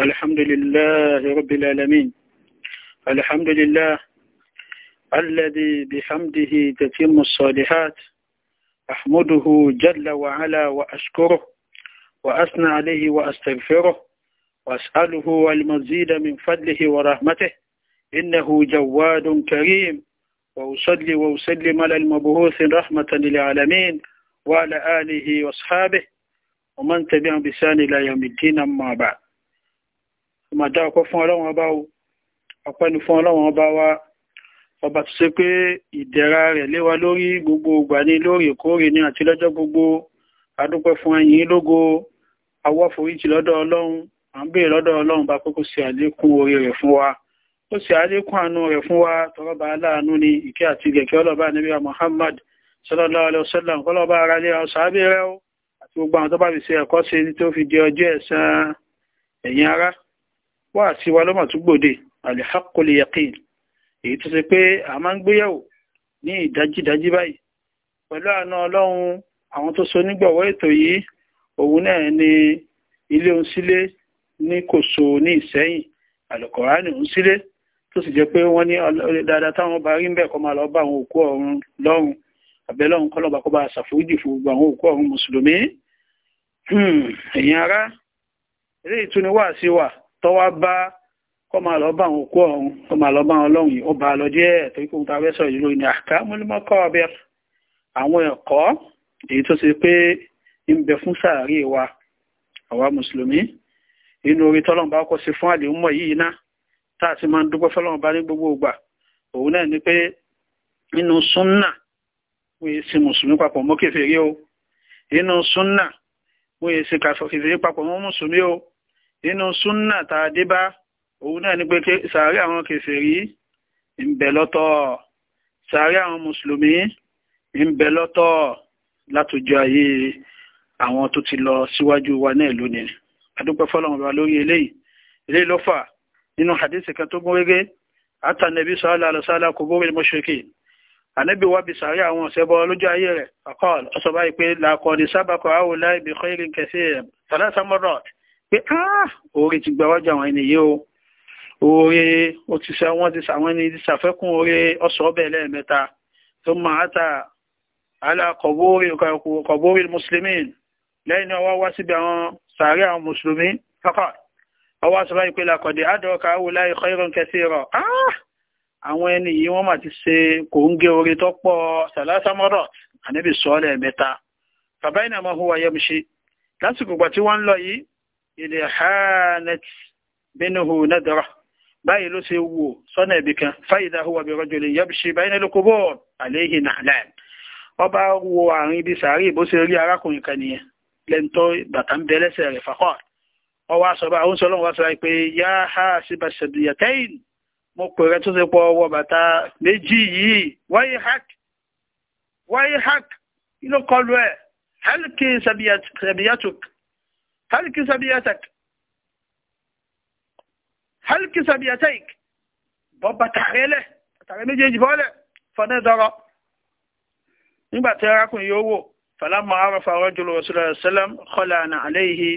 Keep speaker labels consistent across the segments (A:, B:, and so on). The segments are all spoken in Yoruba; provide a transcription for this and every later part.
A: الحمد لله رب العالمين الحمد لله الذي بحمده تتم الصالحات أحمده جل وعلا وأشكره وأثنى عليه وأستغفره وأسأله المزيد من فضله ورحمته إنه جواد كريم وأصلي وأسلم على المبعوث رحمة للعالمين وعلى آله وأصحابه ومن تبعهم بسان إلى يوم الدين أما بعد ìmọ̀já ọkọ̀ fún ọlọ́run ọba o ọpẹ́ ni fún ọlọ́run ọba wa ọba tó ṣe pé ìdẹ̀ra rẹ̀ léwa lórí gbogbo ìgbà ní lóòrèkóòrè ní àti lọ́jọ́ gbogbo adúpẹ́ fún ẹ̀yin lógo awọ́ foríjì lọ́dọ̀ ọlọ́run à ń béèrè lọ́dọ̀ ọlọ́run bá pé kó ṣe àlékún oore rẹ̀ fún wa ó ṣe àlékún àánú rẹ̀ fún wa tọrọba aláàánú ni ìkẹ́ àti ìgẹ̀kẹ́ ọlọ́ba níbi Muhammad sallallahu alaihi wasallam kọlọ́ba ara lé ọ̀sán abẹ́rẹ́ o àti gbogbo àwọn tó bá wà sí wa lọ́mà tó gbòde alihakul yaqin èyí tó ṣe pé a máa ń gbéyàwó ní ìdájídájí báyìí pẹ̀lú àna ọlọ́run àwọn tó so nígbọ̀wọ́ ètò yìí òun náà ni ilé òun sílé ní kò so ní ìsẹ́yìn àlùkọ̀ránì òun sílé tó sì jẹ́ pé wọ́n ní dáadáa táwọn bá rí ń bẹ̀ kọ́ máa lọ bá àwọn òkú ọ̀run lọ́run àbẹ́lọ́run kọ́lọ́ba kó bá ṣàforíjì fún gbogbo àwọn òkú ọ̀run mùsùlùmí hmm, ẹ̀yin ará eléyìí tún ni wàásí wà tọ́wá bá kọ́ máa lọ bá àwọn òkú ọ̀run kọ́ máa lọ bá àwọn ọlọ́run yìí ó bá lọ díẹ̀ torí kóhun tá a fẹ́ sọ̀rọ̀ yìí lórí ni àká múlímọ́kọ́ ọbẹ̀ àwọn ẹ̀kọ́ èyí tó ṣe pé ń bẹ fún sàárè wa àwa mùsùlùmí inú orí tọ́lọ́run bá kọ́ sí fún àdéhùn yìí ná tá a sì máa ń dúpẹ́ fọ́lọ́run bá ní gbogbo ìgbà òun náà ni pé nínú súnnà wọ́n yé sí mùsùlùmí papọ̀ mọ́ kèfèrí o nínú súnnà wọ́n yé sí kàfọ́ kèfèrí papọ̀ mọ́ mùsùlùmí o nínú súnnà tá a dé bá òun náà ni pé sàárè àwọn kèfèrí ń bẹ lọ́tọ̀ sàárè àwọn mùsùlùmí ń bẹ lọ́tọ̀ látòjọ ayé àwọn tó ti lọ síwájú wa náà lónìí adúpẹ́ fọ́lọ́run bá lórí eléyìí eléyìí ló fà nínú hadith kan tó gún régé àtànẹ́bí sọ́ọ́lá lọ́sọ́ọ́lá kò bórí mọ́ṣẹ́kì ànẹ́bí wábi sàárè àwọn ọ̀sẹ́bọ lójú ayé rẹ̀ ọkọ̀ ọ̀sọ̀ báyìí pé làkọ̀ọ̀dì sábàkọ̀ àwòlá ibìkọ́ ìrìnkẹsí ẹ̀ tàlásàmọ́rọ̀t pé ah oore ti gba wájú àwọn ènìyàn o oore ó ti sẹ wọn ti sàwọn ẹni ti sàfẹkùn oore ọsọ ọbẹ lẹ́ẹ̀mẹ́ta tó máa ta ala kọbóore kọbóore mùsùlùmí lẹ́yìn náà wá wá síbi àwọn sàárẹ̀ àwọn mùsùlùmí kọkọ ọwọ àṣọ báyìí pé làkọdé àdọkà àwòlá ìkọ ìrọ nkẹsí rọ ah àwọn ẹni yìí wọ́n mà ti ṣe kòńgé orí tó pọ̀ salasamorot ànábì sọ́ọ́lẹ̀ mẹ́ta bàbá ìnàmọ́ huwa yẹmṣe lásìkò gbà tí wọ́n ń lọ yìí ìlẹ̀hánẹ́tì bínúhù nẹ́dọ̀rọ̀ báyìí ló ṣe wò sọ́nà ibì kan fáyidà huwa bí rọ́jò lè yẹ́bùṣe báyìí nílùú kúbọ̀ àléhìn nàlẹ́ ọba wo àárín ibi sàárì bó ṣe rí arákùnrin kan nìyẹn lẹ́ńtọ́ bàtà ń bẹ lẹ́sẹ̀ rẹ̀ fàkọ́ọ̀ ọwọ́ àṣọba àwọn sọlọ́run wá sọ pé yá ha síba ṣẹ̀dùyàtẹ́yìn mo pè rẹ tó ṣe pọ̀ ọwọ́ bàtà méjì yìí wáyé hak wáyé hak kí kọlu ẹ̀ hẹ́lìkì ṣẹ̀bìyàtùk halki sabiyatak halki sabiyatak bọ́ bàtà rẹ lẹ̀ bàtà rẹ méjèèjì bọ́lẹ̀ fọdẹ́ dọ́rọ̀ nígbà tí arákùnrin yóò wò falamma arafa rajulu rasulullah sallam khalana alayhi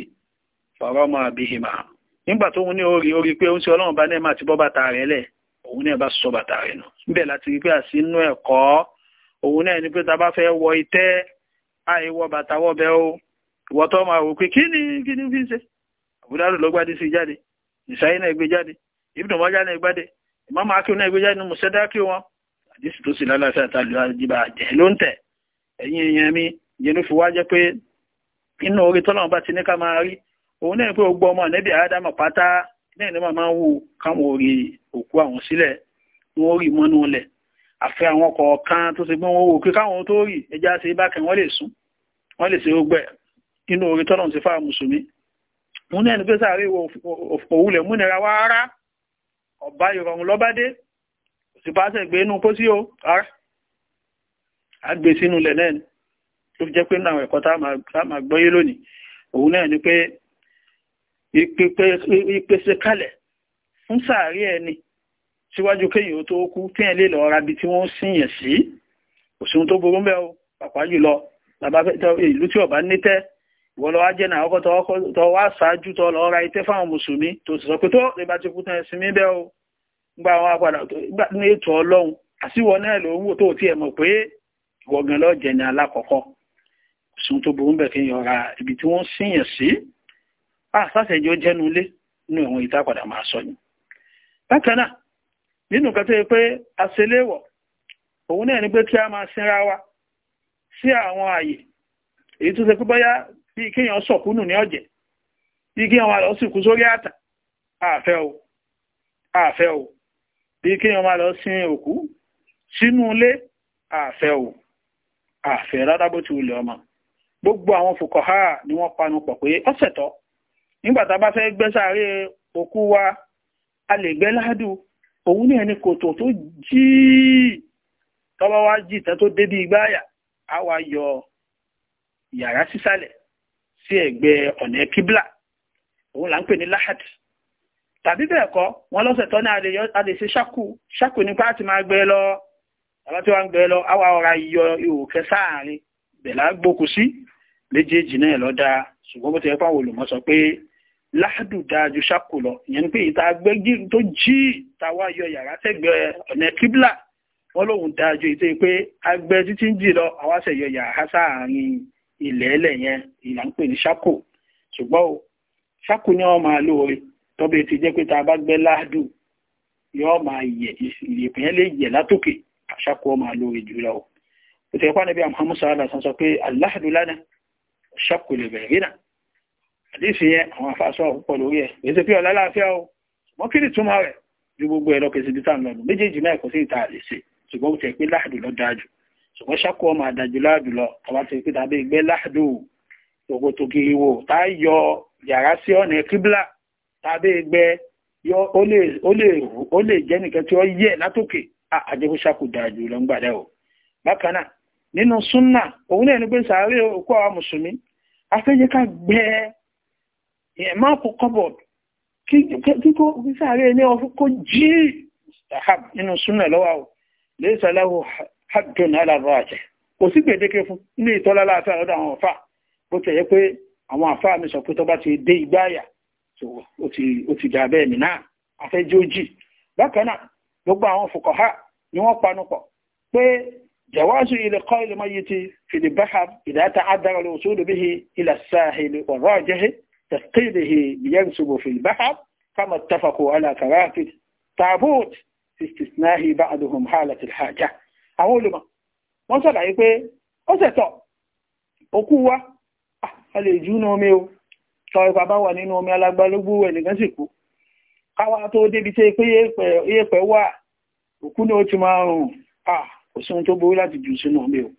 A: farama bihima nígbà tó ń ní orí orí pé oúnjẹ ọlọ́run bá náà máa ti bọ́ bàtà rẹ lẹ̀ òun náà bá sọ bàtà rẹ̀ nù níbẹ̀ láti rí pé àsínú ẹ̀kọ́ òun náà ni pé ta bá fẹ́ wọ itẹ́ àìwọ bàtà wọ́bẹ̀ o wọ́n tọ́ máa wò pé kí ni kí ni fi ń ṣe àbúdárò ló gbádé sí jáde ìsáyé náà gbé jáde ibùdó mọ́já jáde; gbádé ìmọ̀mọ́ akíw náà gbé jáde ní mùsẹ́dákì wọn àdísì tó sì lálàáfíà àtàlù àjìbà ló ń tẹ̀ ẹ̀yìn èèyàn mi ìyẹn fi wá jẹ́ pé inú orí tọ́lọ́run bá ti ní ká máa rí òun náà pé ọmọ àádámọ̀ pátá inú orí tọ́lọ̀ ti fáà mùsùlùmí mú ní ẹni pé sáré òwúlẹ̀ múnira wá rárá ọ̀bá ìrọ̀rùn lọ́bádé sì pàṣẹ gbé inú kó sí o rárá àgbè sínú ilẹ̀ náà ló fi jẹ́ pé náà ẹ̀kọ́ tá a máa gbọ́yé lónìí òun náà ni pé ìpèsè kalẹ̀ fún sáré ẹni síwájú kéyìn ó tó wọ́n lọ́wọ́ jẹ́ náà ọkọ̀ tọ́ wá ṣáájú tọ́ lọ ra itẹ́ fáwọn mùsùlùmí tó sì sọ pé tó lè bá ti kú tán ẹ̀sìn mi bẹ́ẹ̀ o gba àwọn apàdà ní ètò ọlọ́run àsìwọ náà ló ń wò tó tiẹ̀ mọ̀ pé ìwọ̀gàn lọ́ọ́ jẹ̀ ní alákọ̀ọ́kọ́ sùn tó burú bẹ̀ kí yọra ibi tí wọ́n síyàn sí àṣàṣẹjọ́ jẹ́nu ilé nínú àwọn ìta padà máa sọ ni. bákan náà nínú kan tó yẹ pé àṣeléwọ̀ òun náà ni pé kí a máa sinra wa sí àwọn àyè èyí tó ṣe pé bóyá bí kéèyàn sọ̀kúnù ní ọ̀jẹ̀ bí kéèyàn máa lọ sìnkú sórí àtà àfẹ́ o àfẹ́ o bí kéèyàn máa lọ sin òkú sínú ilé àfẹ́ o àfẹ́ rárá ti wulẹ̀ ọmọ gbogbo àwọn fòkọ̀há ni wọ́n panu pọ̀ pé ọ̀sẹ̀tọ́ nígbàtà bá fẹ́ gbẹ́ sáré òkú wa a lè gbẹ́ ládùú òun ní ẹni kòtò tó jí tọ́bá jí ìtẹ́ tó dé bí igbáyà a wá yọ yàrá sísàlẹ̀ sí ẹ̀gbẹ́ ọ̀nà kíbla òun là ń pè ní láhàd tàbí bẹ́ẹ̀ kọ́ wọn lọ́sẹ̀ tọ́ ní a lè ṣe ṣákù ṣákù nípa àti máa gbẹ lọ àwọn tí wọ́n gbẹ lọ àwa ọ̀ra yọ ihò kẹ sáàrin sí méjèèjì náà lọ ṣùgbọ́n bó ti yẹ olùmọ̀ sọ pé láàdù dáa ju ṣákù lọ ìyẹn ni pé ìta gbẹ́ tó jí tàwa yọ yàrá tẹ́gbẹ́ ọ̀nà kíbla wọ́n daju dáa ju ìtẹ́ pé agbẹ́ títí ń jì lọ yàrá ilẹ̀ ẹlẹ̀ yẹn ìlà ń pè ní ṣákò ṣùgbọ́n o ṣákò ni wọ́n máa lóore tọ́bẹ̀ ti jẹ́ pé tá a bá gbẹ́ láàdù yóò máa yẹ ìyẹ̀pẹ̀ yẹn lè yẹ látòkè ṣákò máa lóore jù lọ o ó ti ẹ̀kọ́ níbi àmọ́ musa aláà sọ pé aláàdù lánàá ṣákò lè bẹ̀rẹ̀ rí náà àdéhìí yẹn àwọn afáṣọ àkópọ̀ lórí ẹ̀ èyí ti pé ọ̀lá láàfíà o wọ́n kí ni túmọ̀ rẹ̀ ju gbogbo ẹ̀rọ kẹsìdítà lọ́nu méjèèjì náà kò sí ìta àlè ṣe ṣùgbọ́n ó ti ẹ̀ pé láàdù lọ́ dáa jù ṣùgbọ́n ṣákò ọmọ àdàjù láàdùlọ ọba ti pé tàbí ìgbẹ́ láàdù òkò tòkè ìwò tá a yọ yàrá sí ọ̀nà kíbla tàbí ìgbẹ́ ó lè jẹ́ nìkan tí ó yẹ látòkè àjẹkù ṣákò dàjù lọ ń gbàdá o bákan náà nínú súnà òun náà ní pé sàárè òkú àwọn mùsùlùmí afẹ́jẹ́ ká gbẹ́ ẹ̀mọ́pù cupboard kíkó sàárè ní ọkọ̀ jí nínú súnà lọ́wọ́ lè sàlẹ́wọ̀ hadùn aláàbọ̀ àjẹ́ kò sí gbèdéke fún ní ìtọ́lá láàfẹ́ ọ̀dọ̀ àwọn ọ̀fà bó ti yẹ pé àwọn àfà mi sọ pé tó bá ti dé igbá àyà ó ti dà bẹ́ẹ̀ mí náà afẹ́jú ojì bákan náà gbogbo àwọn fòkànhá ni wọ́n panupọ̀ pé jawaazu ilẹ̀ kọ́ ilẹ̀ mọ́yì ti fìdí báhà ìdáta adára lọ sódò bí i ilẹ̀ sáàhìlì ọ̀rọ̀ àjẹ́hì tẹ̀kìlì hì bìyẹn ṣubú fìdí báhà kama tafakò alákàrà fìdí tàbóòtì àwọn olùmọ̀ wọ́n ṣàlàyé pé ó ṣẹ̀tọ̀ òkú wa a lè jú ní omi o tọ́ ipa bá wà nínú omi alágbálógbó ẹnìkan sì kú káwa tó débi tí pé yẹ̀pẹ̀ wà òkú ní ó ti máa rùn kò sí ohun tó borí láti jù sínú omi o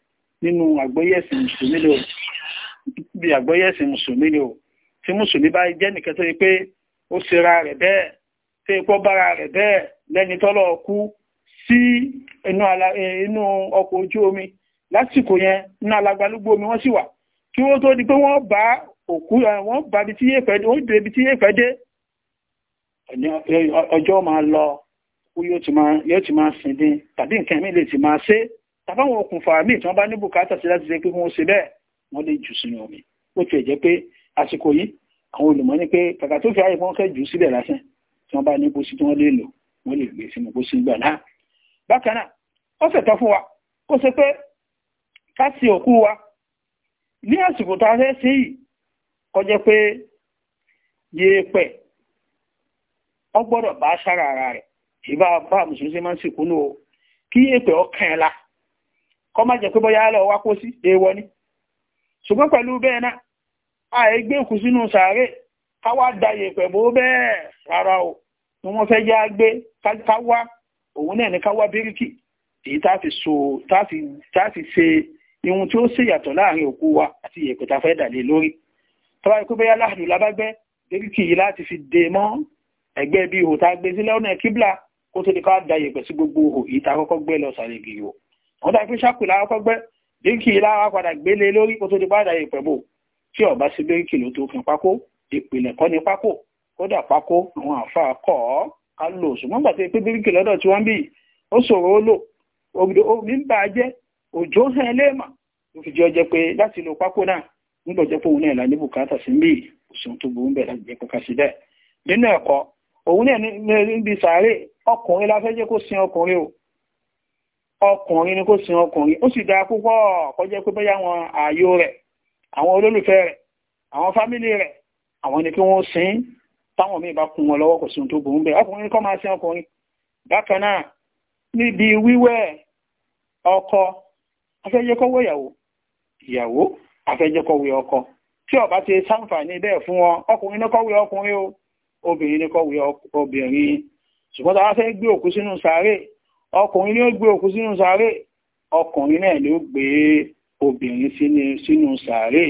A: nínú àgbọ́yẹ̀sìn mùsùlùmí ni o bí àgbọ́yẹ̀sìn mùsùlùmí ni o tí mùsùlùmí bá jẹ́ nìkan tó yẹ pé ó ṣera rẹ̀ bẹ́ẹ̀ tó yẹ bára rẹ̀ bẹ́ẹ̀ lẹ́ni tọ́lọ́ kú sí eh, inú ọkọ̀ ojú omi lásìkò yẹn ní alagbalúgbó omi wọ́n sì wà kí wọ́n tó di pé wọ́n bá òkú eh, wọ́n bá ibi tí yé fẹ́ dé wọ́n dé ibi tí yé fẹ́ dé ọjọ́ máa lọ kú yóò ti máa sìn dín tàbí nǹkan mi lè ti máa ṣe tàbáwọn okùnfà míì tí wọ́n bá ní bùkátà sí láti ṣe pé wọ́n ṣe bẹ́ẹ̀ wọ́n lè jù sínú omi ó ti jẹ́ pé àsìkò yìí àwọn olùmọ̀ ní pé kàkà tó fi ààyè wọn kẹ́ jù síbẹ̀ lásán tí wọ́n bá ní bó sí tí wọ́n lè lò wọ́n lè gbé e sínú bó sí gbà náà bákan náà ó ṣètọ́ fún wa kó ṣe pé ká òkú wa ní àsìkò tó fẹ́ sí yìí kọjá pé yèèpẹ̀ ọ gbọ́dọ̀ bá sára ara rẹ̀ ìbá bá mùsùlùmí máa ń sìnkú nù o kí yèèpẹ̀ ọ kàn la má jẹ́ pé kó sí ni ṣùgbọ́n pẹ̀lú bẹ́ẹ̀ náà òkú sínú sàárè káwá da bó bẹ́ẹ̀ rárá o ni wọ́n fẹ́ káwá òun náà ní ká wá bíríkì èyí tá fi so tá fi ṣe ihun tí ó ṣe yàtọ̀ láàrin òkú wa àti ìyẹ̀pẹ̀ tá fẹ́ dàlé lórí tọ́wá ikú bẹ́yà láàrin lábágbẹ́ bíríkì yìí láti fi dè mọ́ ẹgbẹ́ bí ihò tá gbé sílẹ̀ ọ̀nà kíbla kó tó di ká da ìyẹ̀pẹ̀ sí gbogbo ihò èyí tá kọ́kọ́ gbé lọ sàlẹ̀ gìrì wọ́n dá ikú ṣàkù lákọ́kọ́ gbẹ́ bíríkì yìí láwá padà gbélé lórí kó tó di ká da ìyẹ̀pẹ̀ bò tí ọ̀bá sí bíríkì ló tó fún pákó ìpìlẹ̀ kọ́ ni pákó kódà pákó àwọn àfa kọ́ ọ́ ká lò ṣùgbọ́n gbàtẹ́ pé bíríkì lọ́dọ̀ tí wọ́n bí ó ṣòro ó lò omi ń bà jẹ́ òjò hàn léèmà ló fi jẹ́ ọjẹ́ pé láti lo pákó náà nígbà jẹ́ pé òun náà ní bùkátà sí bí òṣùn tó burú bẹ̀ láti jẹ́ pé ká sí bẹ́ẹ̀ nínú ẹ̀kọ́ òun náà níbi sàárè ọkùnrin la fẹ́ jẹ́ kó sin ọkùnrin o ọkùnrin ni kó sin ọkùnrin ó sì dáa púpọ̀ kó jẹ́ pé bóyá àwọn ààyò rẹ̀ àwọn olólùfẹ́ rẹ̀ àwọn fámìlì rẹ̀ àwọn ni kí wọ́n sin táwọn míì bá kún wọn lọ́wọ́ kò sí ohun tó burú bẹ́ẹ̀ ọkùnrin kọ́ máa ṣe ọkùnrin bákan náà níbi wíwẹ̀ ọkọ afẹ́jẹ́kọ́wọ́ ìyàwó ìyàwó afẹ́jẹ́kọ́wé ọkọ tí ó bá ti sáǹfààní bẹ́ẹ̀ fún wọn ọkùnrin ní kọ́wé ọkùnrin o obìnrin ní kọ́wé obìnrin ṣùgbọ́n tá a fẹ́ gbé òkú sínú sàárè ọkùnrin ni ó gbé òkú sínú sàárè ọkùnrin náà ló gbé obìnrin sínú sàárè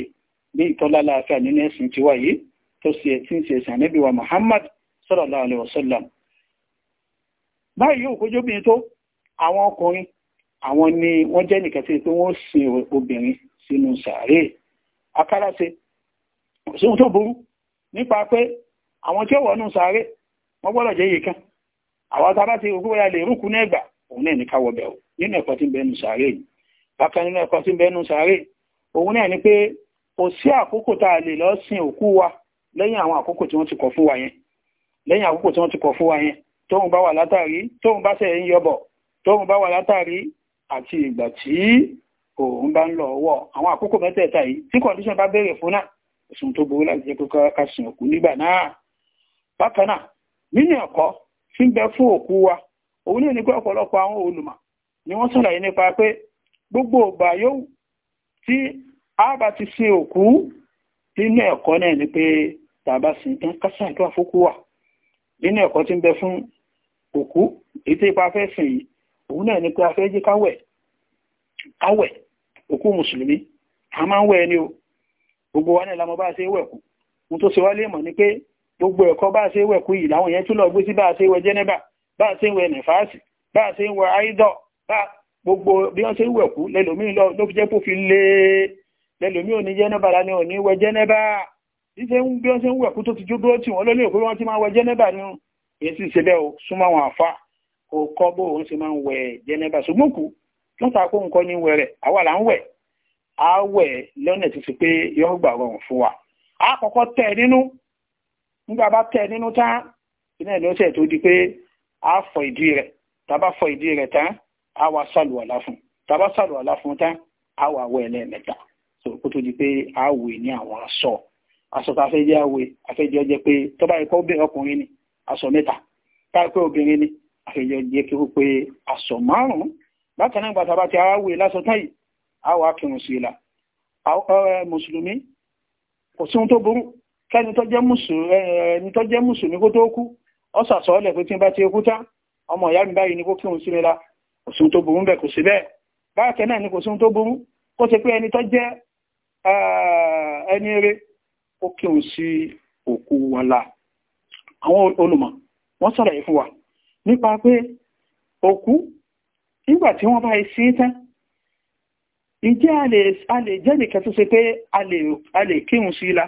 A: bí ìtọ́lá láàfíà nínú ẹ̀sìn tiwa yìí tó ṣe tí ń ṣe sànẹ́bí wa Muhammad sallallahu alaihi wasallam báyìí yóò kójú obìnrin tó àwọn ọkùnrin àwọn ni wọ́n jẹ́ nìkan tí pé wọ́n sin obìnrin sínú sàárè akáràṣe òṣèlú tó burú nípa pé àwọn tí ó wọ̀ nù sàárè wọ́n gbọ́dọ̀ jẹ́ yìí kan àwọn tá a bá ti rúkú ya lè rúkú ní ẹ̀gbà òun náà ní ká wọ bẹ̀rù nínú ẹ̀kọ́ tí ń bẹnu sàárè bákan nínú ẹ̀kọ́ tí ń bẹnu sàárè òun náà ni pé kò sí àkókò tá a lè lọ sin òkú wa lẹ́yìn àwọn àkókò tí wọ́n ti kọ̀ fún wa yẹn lẹ́yìn àkókò tí wọ́n ti kọ̀ fún wa yẹn tóun bá wà látàrí tóun bá sẹ̀ ń yọbọ̀ tóun bá wà látàrí àti ìgbà tí òun bá ń lọ ọwọ́ àwọn àkókò mẹ́tẹ̀ẹ̀ta yìí tí kọ̀ndíṣàn bá béèrè fún náà òsùn tó burú láti jẹ́ pé ká sin òkú nígbà náà bákan náà nínú ẹ̀kọ́ tí ń bẹ fún òkú wa òun ní pé ọ̀pọ̀lọpọ̀ àwọn olùmọ̀ ni wọ́n sọ̀rọ̀ nípa pé gbogbo ìgbà yòówù tí a ti sin òkú nínú ẹ̀kọ́ náà ni pé tàbá sí tán kásàdúrà fókú wà nínú ẹ̀kọ́ tí ń bẹ fún òkú èyí tí ipa fẹ́ sìn yìí òun náà ni pé a fẹ́ jẹ́ káwẹ̀ káwẹ̀ òkú mùsùlùmí a máa ń wẹ̀ ni o gbogbo wa náà la mọ̀ bá ṣe wẹ̀kú ohun tó ṣe wá lè mọ̀ ni pé gbogbo ẹ̀kọ́ bá ṣe wẹ̀kú yìí láwọn yẹn tún gbé sí bá ṣe wẹ̀ jẹ́nẹ́bà bá ṣe wẹ̀ nẹ̀fàásì bá ṣe wẹ̀ áìdọ̀ bá gbogbo bí wọ́n ṣe wẹ̀kú lẹ́lòmíì lọ ló fi jẹ́ kó fi lé e. lẹ́lòmíì ò ní jẹ́nẹ́bà lá ìṣe ń bí wọ́n ṣe ń wẹ̀kú tó ti jó dúró tì wọ́n lólè òpé wọ́n ti máa wẹ jẹ́nẹ́bà ní èyí sì ṣe bẹ́ẹ̀ o súnmọ́ àwọn àfa kò kọ́ bó òun ṣe máa ń wẹ jẹ́nẹ́bà ṣùgbọ́n kù lọ́ta kó nǹkan ní wẹ̀ rẹ̀ àwa là ń wẹ̀ á wẹ̀ lọ́nà ti sì pé yọ́ gbà rọrùn fún wa á kọ́kọ́ tẹ̀ nínú nígbà bá tẹ̀ nínú tán iná ìlú ọ̀sẹ̀ tó di pé á fọ ìdí rẹ̀ tàbá fọ ìdí rẹ̀ tán á wá sàlùwàlá fún tàbá sàlùwàlá fún tán á wà wẹ̀ lẹ́ẹ̀mẹ́ta so kó tó di pé á wẹ̀ ní àwọn aṣọ aṣọ tá a fẹ́ jẹ́ àwẹ̀ àfẹ́jọ́ jẹ́ pé tó bá ikọ́ obìnrin ọkùnrin ni aṣọ mẹ́ta táìpẹ́ obìnrin ni àfẹ́jọ́ jẹ́ kí ó pé aṣọ márùn-ún bákan náà gbàtà bá ti àwẹ̀ lásọ táyì àwọ̀ akẹrùn sí ìlà mùsùlùmí kò sí ohun tó burú kẹ́ni tó jẹ́ mùsùlùmí kó tó kú ọ sàsọ́ọ́lẹ̀ pé tí bá ti kú tán ọmọ ìyá mi báyìí ni kó kírun sí mi la kò sí ohun tó burú bẹ́ẹ̀ kò sí bẹ́ẹ̀ bákan náà ni kò sí ohun tó burú kó ṣe pé ẹni tó jẹ́ ẹni eré ó kírun sí òkú wọn la àwọn olùmọ̀ wọ́n sọ̀rọ̀ fún wa nípa pé òkú nígbà tí wọ́n bá sí tán ìjẹ́ a lè jẹ́ nìkan tó ṣe pé a lè kírun sí la